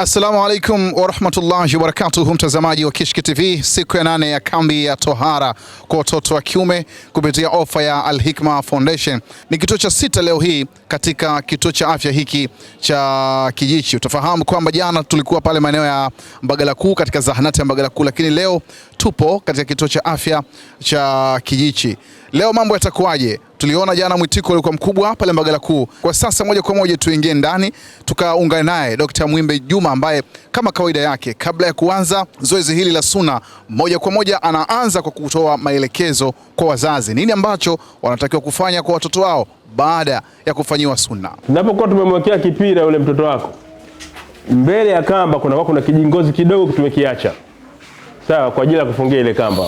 Assalamu alaikum warahmatullahi wabarakatuhu, mtazamaji wa Kishki TV, siku ya nane ya kambi ya tohara kwa watoto wa kiume kupitia ofa ya Al-Hikma Foundation. Ni kituo cha sita leo hii katika kituo cha afya hiki cha Kijichi. Utafahamu kwamba jana tulikuwa pale maeneo ya Mbagala Kuu katika zahanati ya Mbagala Kuu, lakini leo tupo katika kituo cha afya cha Kijichi. Leo mambo yatakuwaje? Tuliona jana mwitiko ulikuwa mkubwa pale Mbagala Kuu. Kwa sasa moja kwa moja tuingie ndani tukaungane naye Dr. Mwimbe Juma ambaye kama kawaida yake kabla ya kuanza zoezi hili la suna, moja kwa moja anaanza kwa kutoa maelekezo kwa wazazi, nini ambacho wanatakiwa kufanya kwa watoto wao baada ya kufanyiwa suna. Tunapokuwa tumemwekea kipira yule mtoto wako, mbele ya kamba kunakuwa kuna kijingozi kidogo tumekiacha sawa, kwa ajili ya kufungia ile kamba.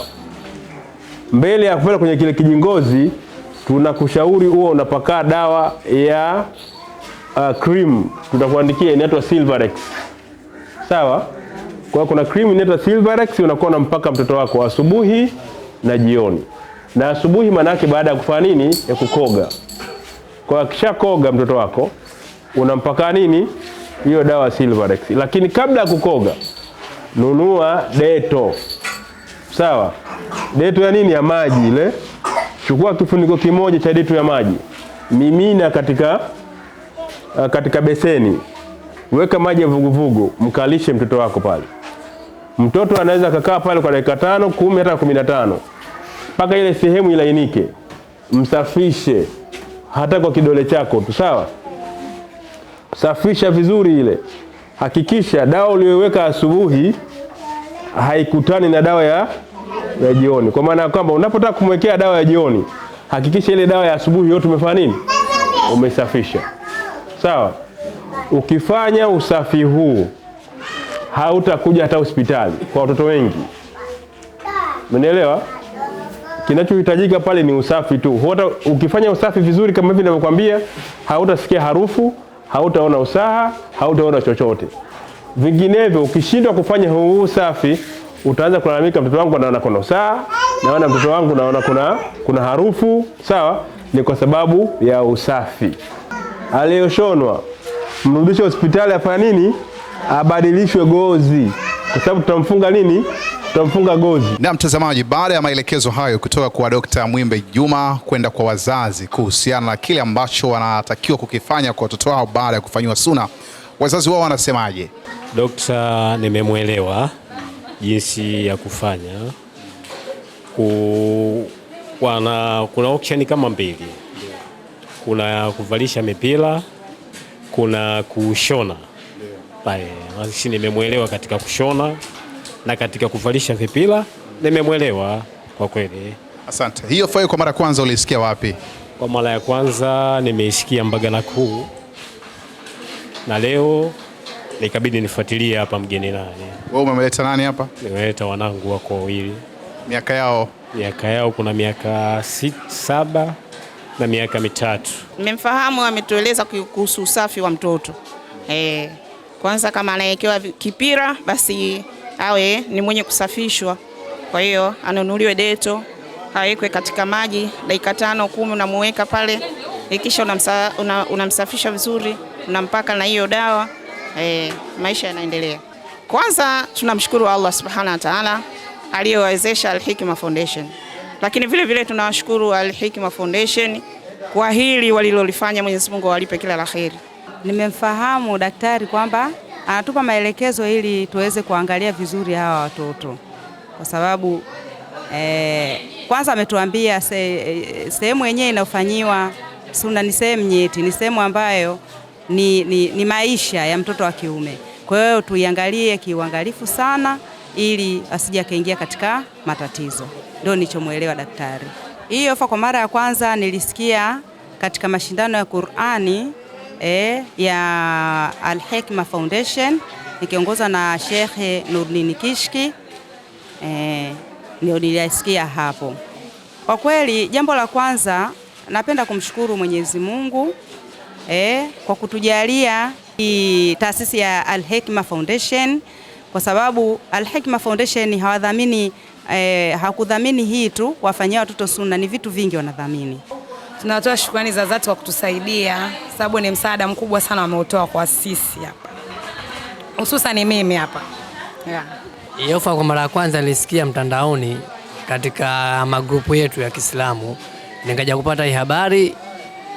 Mbele ya kupeleka kwenye kile kijingozi, tunakushauri huo unapakaa dawa ya uh, cream, tutakuandikia inaitwa Silverex, sawa. Kwa kuna cream inaitwa Silverex, unakuwa unampaka mtoto wako asubuhi na jioni, na asubuhi manake baada ya kufanya nini, ya kukoga. Kwa kisha koga mtoto wako unampaka nini hiyo dawa Silverex, lakini kabla ya kukoga nunua deto, sawa? Deto ya nini? Ya maji ile. Chukua kifuniko kimoja cha deto ya maji, mimina katika, eh, katika beseni, weka maji ya vuguvugu, mkalishe mtoto wako pale. Mtoto anaweza kakaa pale kwa dakika tano, kumi, hata kumi na tano mpaka ile sehemu ilainike. Msafishe hata kwa kidole chako tu, sawa? Safisha vizuri ile hakikisha dawa uliyoweka asubuhi haikutani na dawa ya, ya jioni. Kwa maana ya kwamba unapotaka kumwekea dawa ya jioni hakikisha ile dawa ya asubuhi yote umefanya nini, umesafisha. Sawa, ukifanya usafi huu hautakuja hata hospitali kwa watoto wengi, umeelewa? Kinachohitajika pale ni usafi tu. Hata ukifanya usafi vizuri kama hivi ninavyokuambia, hautasikia harufu hautaona usaha, hautaona chochote. Vinginevyo ukishindwa kufanya huu usafi, utaanza kulalamika, mtoto wangu anaona kuna usaha, naona mtoto wangu naona kuna, kuna harufu. Sawa, ni kwa sababu ya usafi. Aliyoshonwa mrudishe hospitali, afanya nini? Abadilishwe gozi, kwa sababu tutamfunga nini? tutamfunga gozi. Na mtazamaji, baada ya maelekezo hayo kutoka kwa Dkt. Mwimbe Juma kwenda kwa wazazi kuhusiana na kile ambacho wanatakiwa kukifanya kwa watoto wao baada ya kufanyiwa suna, wazazi wao wanasemaje? Dkt., nimemwelewa jinsi ya kufanya ku, wana, kuna option kama mbili, kuna kuvalisha mipira, kuna kushona. Nimemwelewa katika kushona na katika kuvalisha vipira nimemwelewa kwa kweli. Asante. Hiyo fayo kwa mara ya kwanza uliisikia wapi? Kwa mara ya kwanza nimeisikia Mbagala Kuu, na leo nikabidi nifuatilie hapa mgeni nani. Wewe umemleta nani hapa? Nimeleta wanangu wako wawili. Miaka yao? Miaka yao kuna miaka sita, saba na miaka mitatu. Nimemfahamu, ametueleza kuhusu usafi wa mtoto. Eh, kwanza kama anawekewa kipira basi awe ni mwenye kusafishwa. Kwa hiyo anunuliwe deto awekwe katika maji dakika tano kumi, unamuweka pale, ikisha unamsa, una, unamsafisha vizuri, unampaka na hiyo dawa e, maisha yanaendelea. Kwanza tunamshukuru Allah subhanahu wa taala aliyowawezesha al Foundation, lakini vile vile tunawashukuru al Foundation kwa hili walilolifanya. Mwenyezi Mungu awalipe kila la Nimemfahamu daktari kwamba anatupa maelekezo ili tuweze kuangalia vizuri hawa watoto kwa sababu eh, kwanza ametuambia eh, sehemu yenyewe inayofanyiwa suna ni sehemu nyeti, ni sehemu ambayo ni, ni, ni maisha ya mtoto wa kiume. Kwa hiyo tuiangalie kiuangalifu sana ili asije akaingia katika matatizo, ndio nilichomwelewa daktari. Hii ofa kwa mara ya kwanza nilisikia katika mashindano ya Qur'ani eh, ya Al Hikma Foundation nikiongozwa na Sheikh Nurdin Kishki eh, ndio nilisikia hapo. Kwa kweli, jambo la kwanza napenda kumshukuru Mwenyezi Mungu eh, kwa kutujalia taasisi ya Al Hikma Foundation kwa sababu Al Hikma Foundation hawadhamini eh, hakudhamini hii tu wafanyia watoto sunna, ni vitu vingi wanadhamini tunatoa shukrani za dhati kwa kutusaidia, sababu ni msaada mkubwa sana wameutoa kwa sisi hapa, hususan mimi hapa yeah. kwa mara ya kwanza nilisikia mtandaoni katika magrupu yetu ya Kiislamu, nikaja kupata hii habari,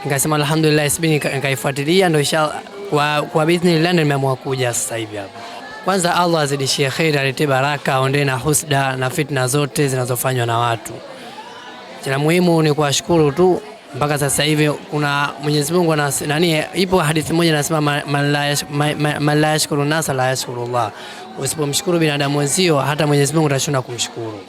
nikasema alhamdulillah, SB nikaifuatilia, ndio insha kwa, kwa bismillah nimeamua kuja sasa hivi hapa. Kwanza Allah azidishie khair, alete baraka, aondee na husda na fitna zote zinazofanywa na watu. Cha muhimu ni kuwashukuru tu mpaka sasa hivi kuna Mwenyezi Mungu nani, ipo hadithi moja nasema, man la yashkuru nasa la yashkuru Allah, usipomshukuru binadamu wenzio hata Mwenyezi Mungu atashinda kumshukuru.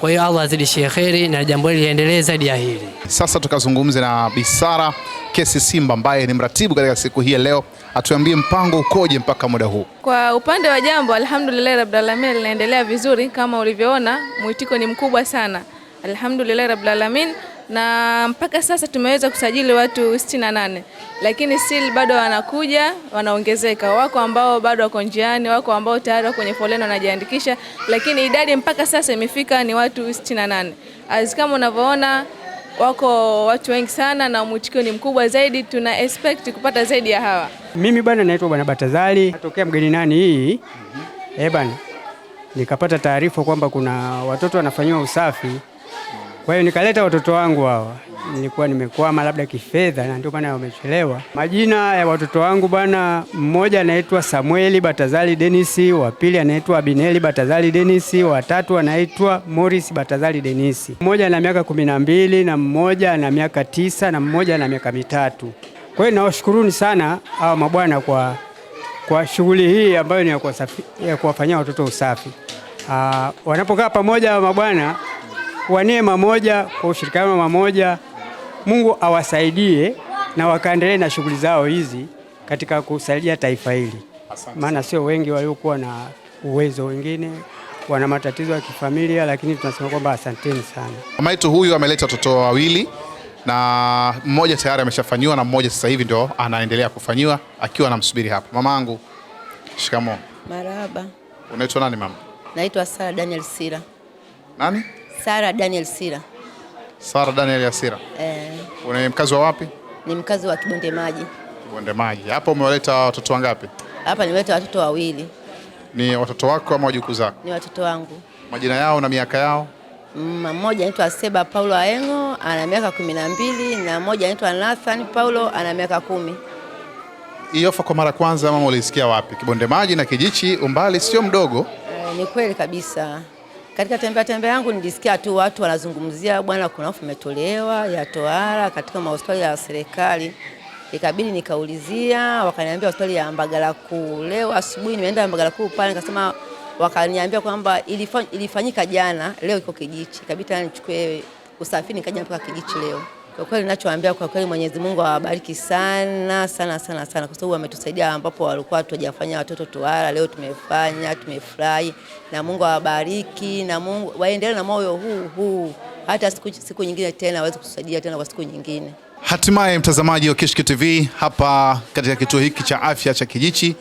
Kwa hiyo Allah azidishie kheri na jambo hili liendelee zaidi ya hili. Sasa tukazungumze na Bisara Kesi Simba ambaye ni mratibu katika siku hii leo, atuambie mpango ukoje mpaka muda huu. Kwa upande wa jambo, alhamdulillah rabbil alamin linaendelea vizuri, kama ulivyoona mwitiko ni mkubwa sana, alhamdulillah rabbil alamin na mpaka sasa tumeweza kusajili watu 68 lakini still bado wanakuja wanaongezeka. Wako ambao bado wako njiani, wako ambao tayari wako kwenye foleni wanajiandikisha, lakini idadi mpaka sasa imefika ni watu 68. As kama unavyoona, wako watu wengi sana na mwitikio ni mkubwa zaidi, tuna expect kupata zaidi ya hawa. Mimi bwana naitwa bwana Batazali, natokea mgeni nani hii mhm. eh bwana, nikapata taarifa kwamba kuna watoto wanafanyiwa usafi kwa hiyo nikaleta watoto wangu hawa, nilikuwa nimekwama labda kifedha, na ndio maana wamechelewa. Majina ya watoto wangu bwana, mmoja anaitwa Samueli Batazali Denisi, wa pili anaitwa Abineli Batazali Denisi, wa tatu anaitwa Morris Batazali Denisi. Mmoja ana miaka kumi na mbili na mmoja ana miaka tisa na mmoja ana miaka mitatu. Kwa hiyo nawashukuruni sana hawa mabwana kwa, kwa shughuli hii ambayo ni ya kuwafanyia watoto usafi. Aa, ah, wanapokaa pamoja hawa mabwana wanie mamoja kwa ushirikiano mamoja. Mungu awasaidie na wakaendelee na shughuli zao hizi katika kusaidia taifa hili, maana sio wengi waliokuwa na uwezo, wengine wana matatizo ya kifamilia, lakini tunasema kwamba asanteni sana. Mama yetu huyu ameleta watoto wawili na mmoja tayari ameshafanyiwa na mmoja sasa hivi ndio anaendelea kufanyiwa akiwa anamsubiri hapa. Mamangu, shikamoo. Marahaba. Unaitwa nani mama? Naitwa Sara Daniel Sira. Nani? Sara Daniel Sira. Sara Daniel Yasira. Eh. Una mkazi wa wapi? Ni mkazi wa Kibonde Maji. Kibonde Maji. Hapo umewaleta watoto wangapi? Hapa nimeleta watoto wawili. Ni watoto wako ama wajukuu zako? Ni watoto wangu. Majina yao na miaka yao? Mm, mmoja anaitwa Seba Paulo Aengo ana miaka kumi na mbili na mmoja anaitwa Nathan Paulo ana miaka kumi. Hiyo ofa kwa mara kwanza mama ulisikia wapi? Kibonde Maji na Kijichi umbali sio mdogo. Eh, ni kweli kabisa. Katika tembea tembea yangu nilisikia tu watu wanazungumzia bwana, kuna ofa imetolewa ya tohara katika mahospitali ya serikali, ikabidi nikaulizia, wakaniambia hospitali ya Mbagala Kuu. Leo asubuhi nimeenda Mbagala Kuu pale, nikasema wakaniambia kwamba ilifanyika jana, leo iko Kijichi. Ikabidi tena nichukue usafiri nikaja mpaka Kijichi leo. Kwa kweli ninachoambia, kwa kweli Mwenyezi Mungu awabariki sana sana sana sana, kwa sababu ametusaidia ambapo walikuwa tujafanya watoto tuara, leo tumefanya, tumefurahi. Na Mungu awabariki, na Mungu waendelee na moyo huu huu hata siku, siku nyingine tena waweze kutusaidia tena kwa siku nyingine. Hatimaye mtazamaji wa Kishki TV hapa katika kituo hiki cha afya cha Kijichi,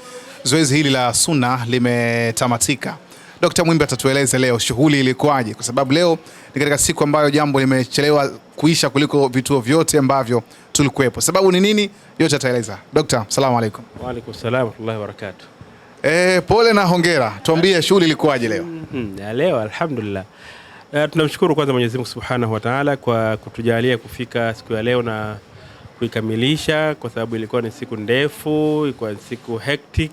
zoezi hili la suna limetamatika. Dr. Mwimbi atatueleza leo shughuli ilikuwaje, kwa sababu leo ni katika siku ambayo jambo limechelewa kuisha kuliko vituo vyote ambavyo tulikuwepo. Sababu ni nini? Yote ataeleza. Dr. Salamu alaykum. Wa alaykum salaam wa rahmatullahi wa barakatuh. Eh, pole na hongera, tuambie shughuli ilikuwaje leo? mm -hmm. Leo alhamdulillah Uh, tunamshukuru kwanza Mwenyezi Mungu Subhanahu wa Ta'ala kwa kutujalia kufika siku ya leo na kuikamilisha, kwa sababu ilikuwa ni siku ndefu, ilikuwa ni siku hectic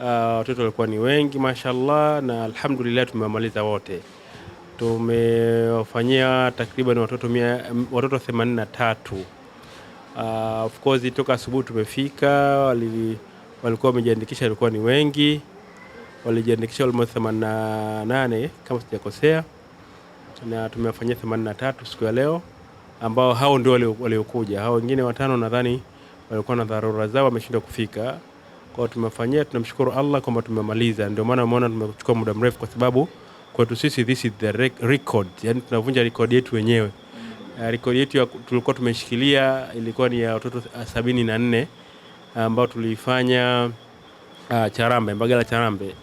Ah, watoto uh, walikuwa ni wengi mashallah, na alhamdulillah tumewamaliza wote. Tumewafanyia takriban watoto mia, watoto 83 uh, ah, of course toka asubuhi tumefika, walikuwa wamejiandikisha, walikuwa ni wengi, walijiandikisha almost 88 kama sijakosea, na tumewafanyia 83 siku ya leo, ambao hao ndio waliokuja. Hao wengine watano nadhani walikuwa na dharura zao, wameshindwa kufika kwao tumefanyia, tunamshukuru Allah kwamba tumemaliza. Ndio maana umeona tumechukua muda mrefu, kwa sababu kwetu sisi this is the record, yani tunavunja rekodi yetu wenyewe. Uh, rekodi yetu tulikuwa tumeshikilia ilikuwa ni ya watoto uh, sabini na nne ambao tuliifanya uh, Charambe, Mbagala Charambe,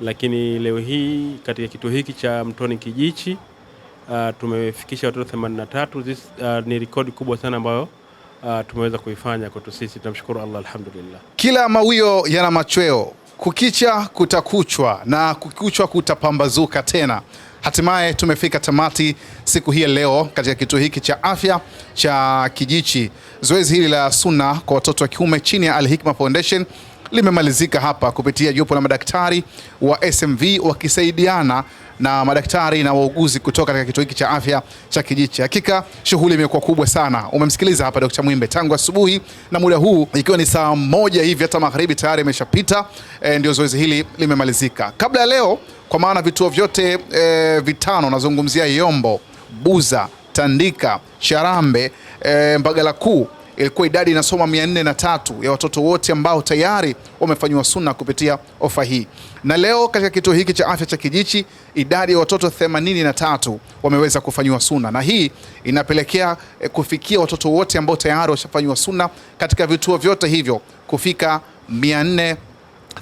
lakini leo hii katika kituo hiki cha Mtoni Kijichi uh, tumefikisha watoto 83. This uh, ni rekodi kubwa sana ambayo uh, tumeweza kuifanya kwetu sisi, tunamshukuru Allah alhamdulillah. Kila mawio yana machweo, kukicha kutakuchwa na kukuchwa kutapambazuka tena. Hatimaye tumefika tamati siku hii leo katika kituo hiki cha afya cha Kijichi. Zoezi hili la sunna kwa watoto wa kiume chini ya Al Hikma Foundation limemalizika hapa kupitia jopo la madaktari wa SMV wakisaidiana na madaktari na wauguzi kutoka katika kituo hiki cha afya cha Kijichi. Hakika shughuli imekuwa kubwa sana. Umemsikiliza hapa Dkt. Mwimbe tangu asubuhi na muda huu ikiwa ni saa moja hivi hata magharibi tayari imeshapita. E, ndio zoezi hili limemalizika kabla ya leo, kwa maana vituo vyote e, vitano nazungumzia Yombo, Buza, Tandika, Sharambe, e, Mbagala Kuu ilikuwa idadi inasoma mia nne na tatu ya watoto wote ambao tayari wamefanyiwa suna kupitia ofa hii, na leo katika kituo hiki cha afya cha Kijichi idadi ya watoto themanini na tatu wameweza kufanyiwa suna na hii inapelekea eh, kufikia watoto wote ambao tayari washafanyiwa suna katika vituo vyote hivyo kufika mia nne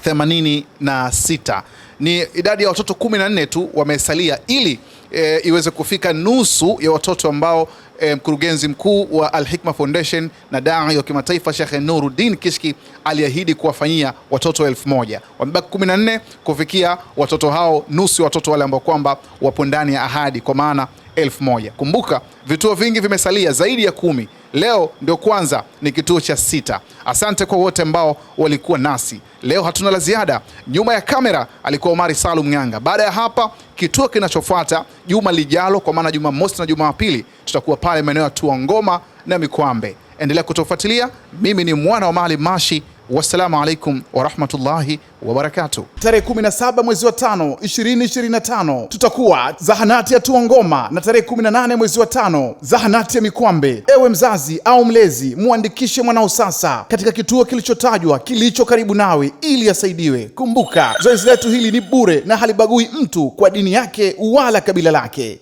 themanini na sita. Ni idadi ya watoto kumi na nne tu wamesalia ili e, iweze kufika nusu ya watoto ambao e, mkurugenzi mkuu wa Al Hikma Foundation na dai wa kimataifa Sheikh Nuruddin Kishki aliahidi kuwafanyia watoto elfu moja. Wamebaki 14 kufikia watoto hao, nusu ya watoto wale ambao kwamba wapo ndani ya ahadi kwa maana elfu moja. Kumbuka vituo vingi vimesalia zaidi ya kumi. Leo ndio kwanza ni kituo cha sita. Asante kwa wote ambao walikuwa nasi leo. Hatuna la ziada. Nyuma ya kamera alikuwa Omari Salum Ng'anga. Baada ya hapa, kituo kinachofuata juma lijalo, kwa maana Jumamosi na Jumapili tutakuwa pale maeneo ya Tuangoma na Mikwambe. Endelea kutofuatilia. Mimi ni mwana wa Mali Mashi. Wassalamu alaikum warahmatullahi wabarakatuh. Tarehe 17 mwezi wa tano 2025 tutakuwa zahanati ya Tuongoma, na tarehe 18 mwezi wa tano zahanati ya Mikwambe. Ewe mzazi au mlezi, muandikishe mwanao sasa katika kituo kilichotajwa kilicho karibu nawe ili asaidiwe. Kumbuka, zoezi letu hili ni bure na halibagui mtu kwa dini yake wala kabila lake.